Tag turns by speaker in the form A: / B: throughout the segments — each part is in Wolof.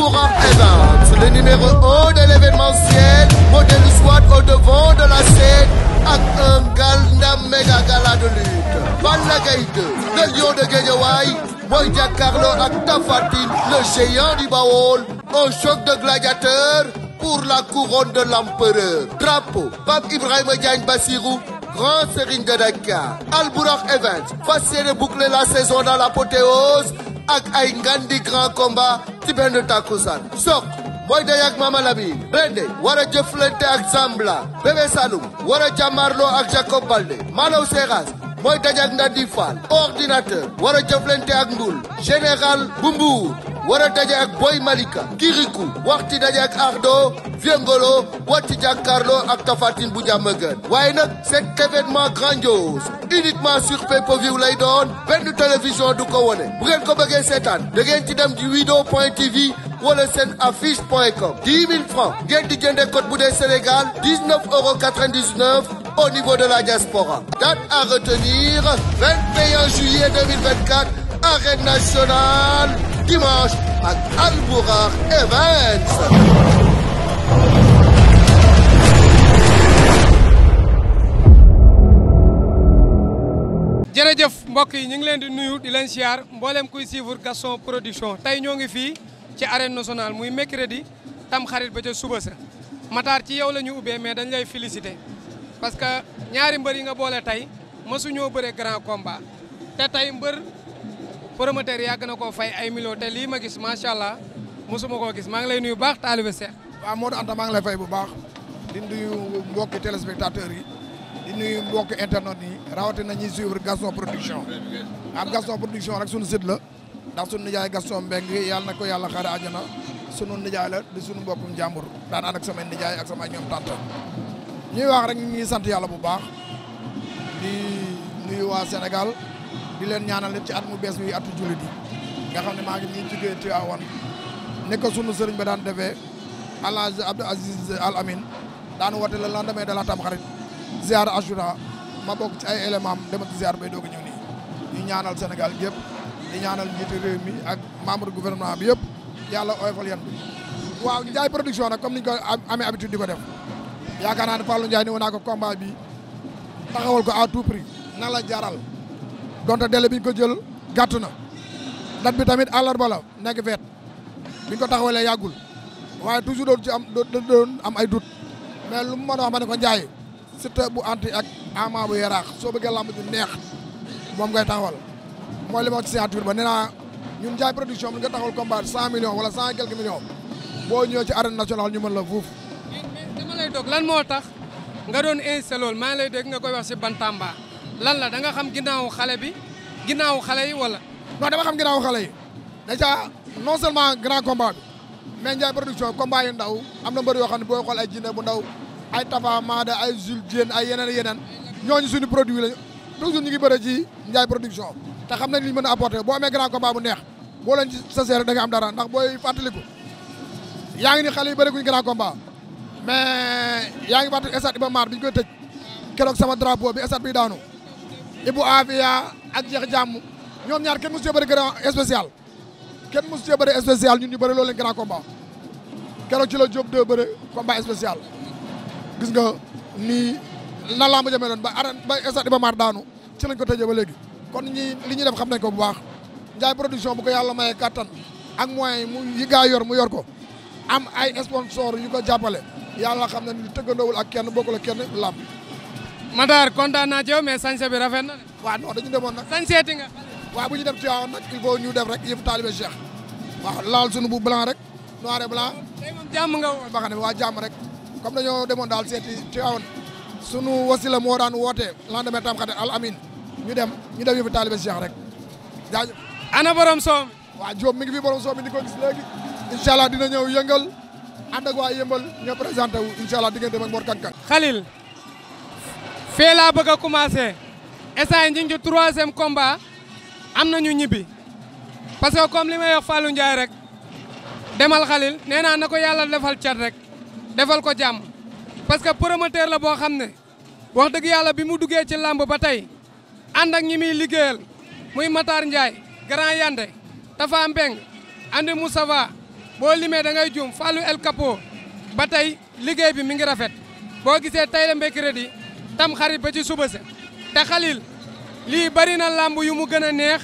A: Courant eh Events, le numéro 1 de l'événementiel, modèle soit au devant de la scène un gala méga de lutte. Balla Gaye 2, le de Guédiawaye, mooy jàkkaarloo ak Tapha le géant du Baol, un choc de gladiateurs pour la couronne de l'empereur. Drapeau Pape Ibrahima Diagne Bassirou. Grand Serigne de Dakar Al Bourakh Events fas yéene boucler la saison dans l'apothéose ak ay ngandi grand combat ci benn takkusaan soq Boy Day ak Mama Lamine Blindé a ak Zambla Bébé Saloum war a jàmmarloo ak Jacob Baldé Malaw Seras mooy dajak Ndandi Fall ordinateur war a ak Ndul général bu war a daje ak Boy Malika Kirikou waxti daje ak Ardo Viengolo watti jàkkaarloo ak Tafatine bu jàmm gën waaye nag cet événement grandiose uniquement sur pay-per-view lay doon benn télévision du ko wone bu ngeen ko bëggee seetaan da ngeen ci dem di wido point tv wala seen affiche point com 10 000 francs ngeen di jëndee code bu dee Sénégal 19 euros 99 au niveau de la diaspora date à retenir 21 juillet 2024 arène dimanche ak Albourakh Events
B: jërëjëf mbokk yi ñu ngi leen di nuyu di leen siyaar mbooleem kuy suivre Gaston Production tey ñoo ngi fii ci arène nationale muy mercredi tam xarit ba ca suba sa Matar ci yow la ñu ubbee mais dañ lay féliciter parce que ñaari mbër yi nga boole tey mësuñoo bëre grand combat te tey mbër promoteur yàgg na koo fay ay millions te lii ma gis macha allah mosuma koo gis maa ngi lay nuy nuyu baax taalibe Seex.
C: waaw Modou Anta maa ngi lay fay bu baax di nuyu mbokki téléspectateurs yi di nuyu mbokki internautes yi rawatina ñi suivre Gaston production am Gaston production rek sunu site la ndax sunu nijaay Gaston Mbengue yàlla na ko yàlla xaare àjjana sunu nijaay la di sunu mbokkum jàmbur daan ànd ak samay nijaay ak sama ñoom tante ñuy wax rek ñu sant yàlla bu baax di di leen ñaanal ci at mu bees mi at jullit yi nga xam ne maa ngi nii jugee ci awoon nekk sunu sëriñ ba daan defee alhaji Abdou Aziz Al Amin daan woote le lendemain de la Tamxarit ziar Ashura ma bokk ci ay élément am ba ziar bay ñëw nii ñu ñaanal senegal gi yëpp di ñaanal njiitu réew mi ak membre gouvernement bi yëpp yàlla oyofal yan bi waaw Ndiaye production nag comme ni ñu ko amee habitude di ko def yaakaar naa ne Fallou Ndiaye ni woon naa ko combat bi taxawal ko à tout prix nan la jaral donte délai bi ñu ko jël gàtt na date bi tamit àllarba bala nekk feet bi ñu ko taxawalee yàggul waaye toujours doon ci am doon am ay doute mais lu mu mën a wax ma ne ko Ndiaye Siteu bu anti ak Ama bu yaraax soo bëggee làmb ju neex moom ngay taxawal mooy li ma wax ci signature ba nee naa ñun Ndiaye production bi nga taxawal combat cent millions wala cent et quelques millions boo ñëwee ci arène nationale ñu mën la fuuf.
B: dama lay dog lan moo tax nga doon insé lool maa ngi lay dégg nga koy wax ci lan la da xam ginnaaw xale bi ginnaaw xale yi wala. non dama xam ginnaaw xale yi dèjà
C: non seulement grand combat bi mais Ndiaye production combat yu ndaw am na mbër yoo xam ne booy xool ay jinne bu ndaw ay Tafa Maada ay Jules Diène ay yeneen yeneen ñooñu suñu produit lañu toujours ñu ngi bëre ci Ndiaye production te xam na li ñu mën a apporter boo amee grand combat bu neex boo leen ci sa seere da nga am dara ndax booy ko yaa ngi ni xale yi bëri guñ grand combat mais yaa ngi fàttali stade Iba Mar bi ñu koy tëj keroog sama bi stade bi daanu Ibou Afia ak Jeex Jàmm ñoom ñaar kenn mosu cee bëri grand spécial kenn mosu cee bëri spécial ñun ñu bëri lool leen grand combat keroog ci la Diop de bëri combat spécial gis nga ni na lamb jamee doon ba aran ba stade Iba Mar daanu ci lañ ko tëjee ba léegi kon ñi li ñuy def xam nañ ko bu baax Ndiaye production bu ko yàlla mayee kattan ak moyens yi mu yi gaa yor mu yor ko am ay sponsor yu ko jàppale yàlla xam na ni tëggandoowul ak kenn bokkul ak kenn làmb Matar kontaan naa ci yow mais sañse bi rafet na de. waaw non dañu demoon nag. sañseeti nga. waaw bu ñu dem Tivaouane nag il faut ñu def rek yëfu taalibe Cheikh. waaw laal sunu bu blanc rek noir et blanc. jàmm nga woon. ba waa jàmm rek comme dañoo demoon daal seeti Tivaouane sunu wasila moo daan woote lendemain tamxarit al amin ñu dem ñu def yëfu taalibe Cheikh rek jaajëf. ana borom soom. waa Diop mi ngi fi borom soom mi di ko gis léegi. incha dina ñëw yëngal ànd ak waa yëmbal ñëw présenté wu incha allah diggante ak Mor Kankan. Khalil.
B: fee laa bëgg a commencé essane ñi ngi ci troisième combat am nañu ñibbi parce que comme li may wax Fallou rek demal xalil nee naa na ko yàlla defal cat rek defal ko jàmm parce que promoteur la boo xam ne wax dëgg yàlla bi mu duggee ci làmb ba tey ànd ak ñi muy liggéeyal muy Matar Ndiaye Grand Yande Tafa Mbeng mu Moussafa boo limee da ngay juum Fallou El Capo ba tey liggéey bi mi ngi rafet boo gisee tey la mercredi tam xarit ba ci suba sa te xalil lii bari na làmb yu mu gën a neex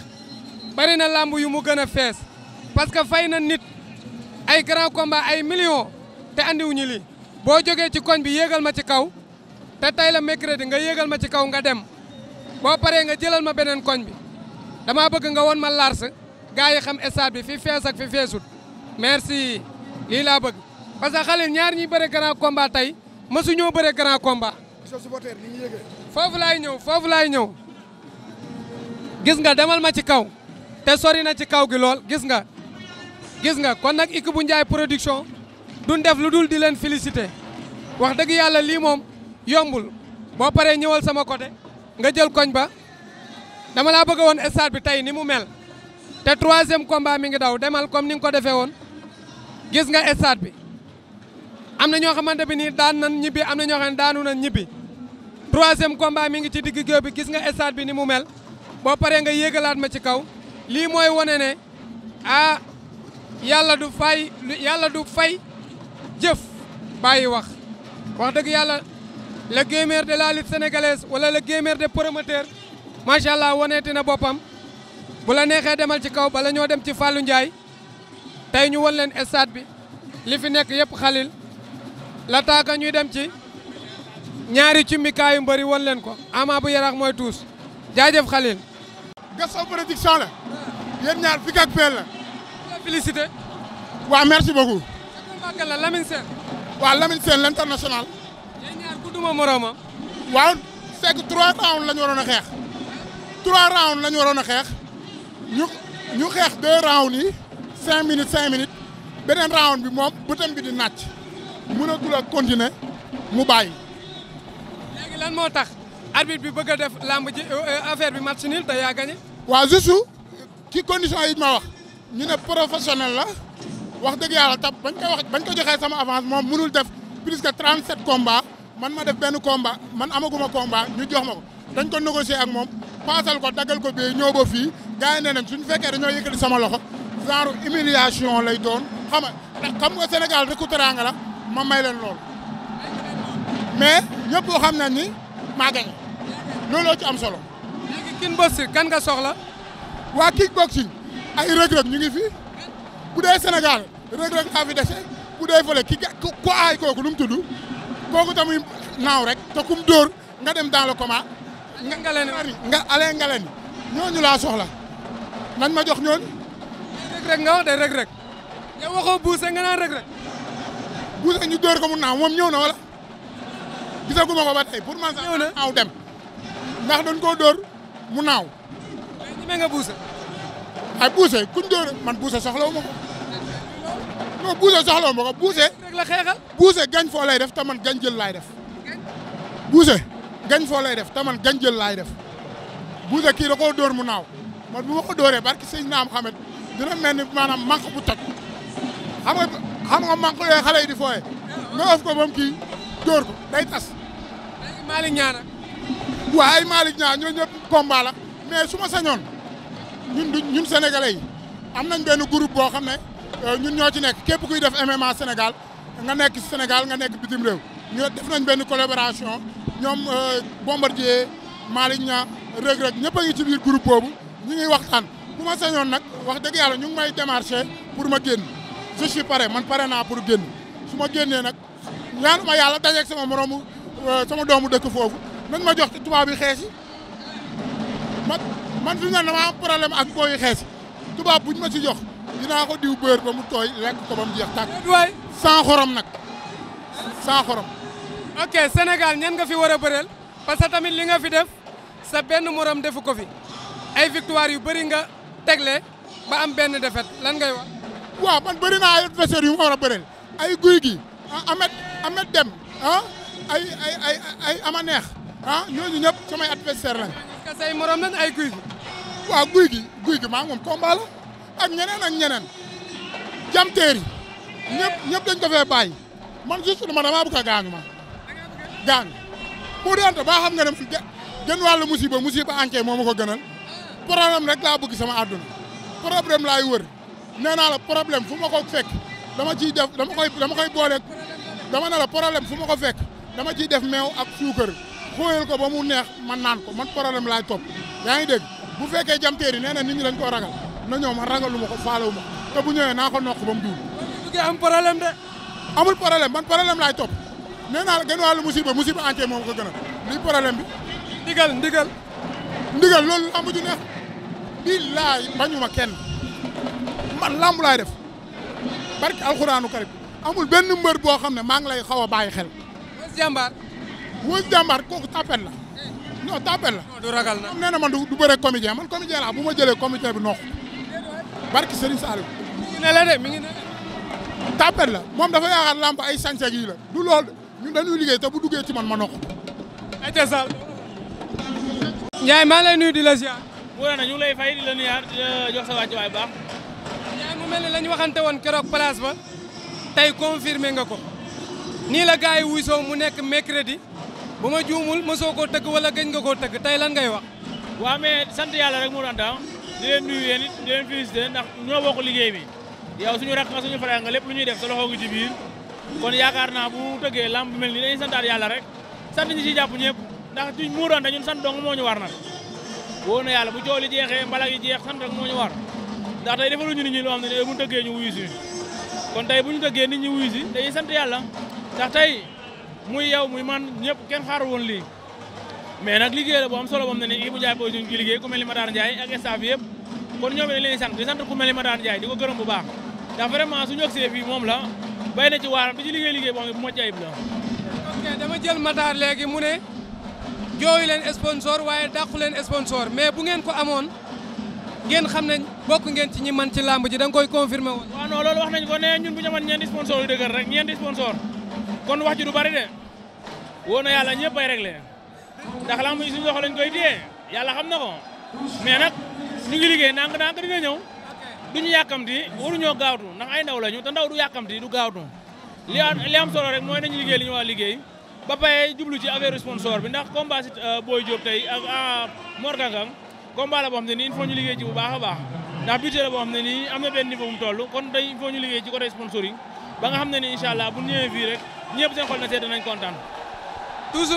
B: bari na làmb yu mu gën a fees parce que fay na nit ay grand combat ay millions te andiwuñu lii boo jógee ci koñ bi yéegal ma ci kaw te tey la mercredi nga yéegal ma ci kaw nga dem boo paree nga jëlal ma beneen koñ bi dama bëgg nga won ma lars gaa yi xam stade bi fi fees ak fi feesut merci lii laa bëgg parce que xalil ñaar ñi bëre grand combat tey mësuñoo bëre grand combat
C: sa supporter ni ñu
B: foofu laay ñëw foofu laay ñëw gis nga demal ma ci kaw te sori na ci kaw gi lool gis nga gis nga kon nag équipe bu Ndiaye production duñ def lu dul di leen féliciter wax dëgg yàlla lii moom yombul boo pare ñëwal sama côté nga jël koñ ba dama laa bëgg woon stade bi tey ni mu mel te troisième combat mi ngi daw demal comme ni nga ko defee woon gis nga stade bi am na ñoo xamante bi nii daan nan ñibbi am na ñoo xam ne daanu nan ñibbi troisième combat mi ngi ci digg géew bi gis nga stade bi ni mu mel boo paree nga yéegalaat ma ci kaw lii mooy wane ne ah yàlla du fay yàlla du fay jëf bàyyi wax wax dëgg yàlla le gamer de la lutte sénégalaise wala le de promoteur macha allah waneeti na boppam bu la neexee demal ci kaw bala ñoo dem ci Fallou Ndiaye tey ñu won leen stade bi li fi nekk yëpp xalil la taaka ñuy dem ci ñaari cummikaayu mbëri won leen ko Ama bu Yarax mooy tuus jaajëf Khalil. Gaston Production la. yéen ñaar fii ak peel la. félicité. waa merci beaucoup. la
D: Lamine Sène. waaw Lamine Sène l'international.
B: yéen ñaar ku duma
D: moroomam. waaw fekk trois rounds la waroon a xeex. trois rounds la waroon a xeex ñu xeex deux rounds yi cinq minutes cinq minutes beneen round bi moom bëtam bi di nàcc. mënatul a continuer mu bàyyi.
B: léegi lan moo tax arbitre bi bëgg def làmb ji euh, affaire bi match nul te yaa gagné.
D: waaw juste ci condition yi ma wax ñu ne professionnel la wax dëgg yàlla tab bañ ko wax bañ ko joxe sama avance moom mënul def plus que 37 combats man ma def benn combat man amaguma combat ñu jox ma ko dañ ko négocier moom paasal ko daggal ko bii ñëw ba fii gars yi ne nañ suñu sama loxo genre humiliation lay doon xam nga Sénégal rek la. ma may leen loolu mais ñëpp boo xam ne ni maa gagné looloo ci am solo. léegi kickboxing kan nga soxla. waa kickboxing ay rëg-rëg ñu ngi fi bu dee senegal rëg-rëg laa fi dese bu dee fële ki ku aay kooku nu mu tudd kooku tamit naaw rek te mu dóor nga dem dans le coma. nga nga leen nga ale nga leen ñooñu laa soxla nañ ma jox ñooñu. rëg-rëg nga wax de rëg-rëg. yow waxoo buuse nga naan rëg-rëg. Ouzin ñu dóor ko mu naaw moom ñëw na wala gisaguma ko ba tey pour man sax naaw dem ndax dañ koo door mu naaw. mais ñi nga buuse. ay buuse man buuse soxlawu ma ko. non buuse soxlawu ma ko buuse. rek la lay def ta man gañ jël laay def. buuse gañ foo lay def ta man gañ jël laay def buuse kii da koo dóor mu naaw man bu ma ko dóoree barki sëñ naam xamet dina mel ni maanaam manque bu toj xam nga manque yooyu xale yi di fooye nga ëf ko moom kii dóor ko day tas. ay Malick Niang waaw ay Malick Niang ñoo ñëpp combat su ma sañoon ñun du ñun sénégalais yi am nañ benn groupe boo xam ne euh, ñun ñoo ci nekk képp kuy def MMA Sénégal nga nekk Sénégal nga nekk bitim réew ñu def nañ benn collaboration ñoom euh, Bombardier Malick Niang Reug Reug ñëpp a ngi ci biir groupe boobu ñu ngi waxtaan bu ma sañoon nag wax dëgg yàlla ñu ngi may démarché pour ma génn. je suis paré man pare naa pour génn su ma génnee nag ñaanu ma yàlla dajeeg sama moromu euh, sama doomu dëkk foofu nañ ma jox ci tubaab yi xees yi man man fi mu ne dama ak booyu xees yi tubaab buñ ma ci jox dinaa ko diw beurre ba mu tooy lekk ko ba
B: mu jeex tàkk. sans xorom nag sans xorom. ok Sénégal ñan nga fi war a bëreel parce que tamit li nga fi def sa benn morom defu ko fi ay victoire yu bëri nga tegle ba am benn defet lan ngay wax. waaw man bëri naa ay
D: adversaires yu ma war a bëreel ay guy gi amet ah, amet dem ah ay ay ama neex ah ñooñu ñëpp samay adversaire lañ. parce que na ay guy gi. waaw guy gi guy gi maa ngi moom ak ñeneen ak ñeneen jamteeri ñëpp ñëpp dañ ko fee bàyyi man juste man damaa bëgg a gaañu ma gaañu mu dente ba xam nga ne fi gën wàllu musiba musiba ankee moo ko gënal problème rek laa bëgg sama àdduna problème laay wër. nee naa la problème fu ma ko fekk dama ciy def dama koy dama koy boole dama ne la problème fu ma ko fekk dama ciy def meew ak suukar xóoyal ko ba mu neex man naan ko man problème laay topp yaa ngi dégg bu fekkee jamteer yi nee na nit ñi dañ koo ragal na ñëw ma ragalu ma ko faalewu ma te bu ñëwee naa ko nokk ba mu duul. bu am problème de. amul problème man problème laay topp nee naa la gën wàllu musiba musiba entier moom ko gën a lii problème bi. ndigal ndigal. ndigal loolu lamb ju neex billaay bañu ma kenn. man lamb laay def barki alxuraanu karim amul benn mbër boo xam ne maa ngi lay xaw a bàyyi xel. wës jàmbaar. kooku tapet la. non la. du ragal na nee na man du bëre comédien man comédien laa bu ma jëlee comédien bi noq. barki Serigne Saliou. mi ngi ne la de mi la. moom dafa yaakaar lamb ay sañ la du loolu ñun dañuy liggéey te bu duggee ci man ma noq.
E: na ñu lay
B: fay la nuyaat di la jox sa wàccuwaay bu mu mel la ñu waxante woon keroog place ba tey confirmé nga ko nii la gars yi wuysoo mu nekk mercredi bu ma juumul mosoo koo tëgg wala gëj nga koo tëgg tey lan ngay wax. waaw mais sant yàlla rek mu doon
E: daaw di leen nuyu yéen it di leen félicité ndax ñoo bokk liggéey bi yow suñu rakk nga suñu frère nga lépp lu ñuy def sa loxo gi ci kon yaakaar naa bu tëggee lamb mel ni dañuy santaat yàlla rek sant ñi ci jàpp ñëpp ndax duñ muurante ñun sant dong moo ñu war nag wóor na yàlla bu jooli jeexee mbala yi jeex sant rek moo ñu ndax tey defaluñu nit ñi loo xam ne bu ñu dëggee ñu kon tey bu ñu dëggee nit ñi wuyu si dañuy sant yàlla ndax tey muy yow muy man ñëpp kenn xaaru woon lii mais nag liggéey la bu am solo bam ne ni Ibou Ndiaye position ci liggéey ku mel ni Madar Ndiaye ak staff yëpp kon ñoom dañ leen sant di sant ku mel ni Madar Ndiaye di ko gërëm bu baax ndax vraiment suñu agsee
B: moom la bay na ci waaram di ci liggéey liggéey boo xam ne bu mocc ayib la ok dama jël Madar léegi mu ne jooyu leen waaye dàqu leen sponsor mais bu ngeen ko amoon ngeen xam ne bokk ngeen ci ñi man ci làmb ji da nga koy confirmer woon. waaw non loolu wax nañ ko ne ñun bu
E: ñu amoon ñeenti sponsor yu dëgër rek ñeenti sponsor kon wax ji du bari de woo na yàlla ñëpp ay réglé ndax làmb ji suñu loxo lañ koy téye yàlla xam na ko mais nag ñu ngi liggéey ndànk-ndànk dina ñëw duñu yàkkamti waruñoo gaawtu ndax ay ndaw lañu te ndaw du yàkkamti du gaawtu li li am solo rek mooy nañu liggéey li ñu war a liggéey ba pare jublu ci affaire sponsor bi ndax combat euh, Boy Diop tey ak euh, Mor combat la boo xam ne nii il faut ñu liggéey ci bu baax a baax ndax budget la boo xam ne nii am na benn niveau mu toll kon day il faut ñu liggéey ci côté sponsoring ba nga xam ne nii incha bu ñëwee rek ñëpp seen xol na seet danañ kontaan.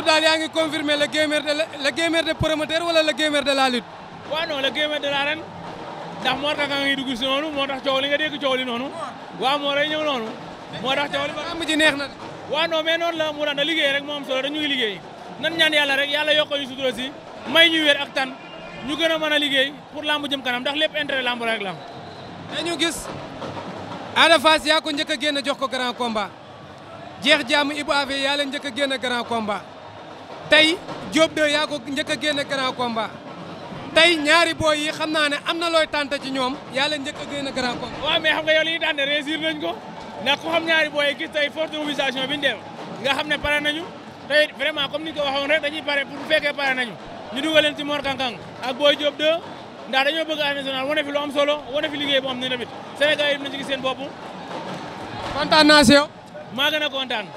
E: daal yaa ngi confirmé le de le gamer de de la lutte. waaw non de la ndax moo tax nga ngi moo tax coow li nga dégg coow li noonu waaw moo lay ñëw moo tax coow li ba la mu daan ñu gën a mën a liggéey pour
B: lamb jëm kanam ndax lépp intérêt lamb rek la am. gis Ada Fass yaa ko njëkk a génn jox ko grand combat jeex jaamu Ibou Ave yaa leen njëkk a génn grand combat tey Diop 2 yaa ko njëkk a génn grand combat tey ñaari booy yi xam naa ne am na looy tànte ci ñoom yaa leen njëkk a génn grand combat. waaw mais xam nga yow li ñuy tànte réussir nañ ko
E: ndax ku xam ñaari booy yi gis tey forte mobilisation bi ñu nga xam ne pare nañu tey vraiment comme ni ko waxoon rek dañuy pare pour bu fekkee ñu dugal leen ci Mor Kankang ak Boy Diop 2 ndax dañoo bëgg arène nationale wane fi lu am solo wane fi liggéey bu am ne tamit Sénégal yi nañu seen bopp kontaan naa si maa gën a kontaan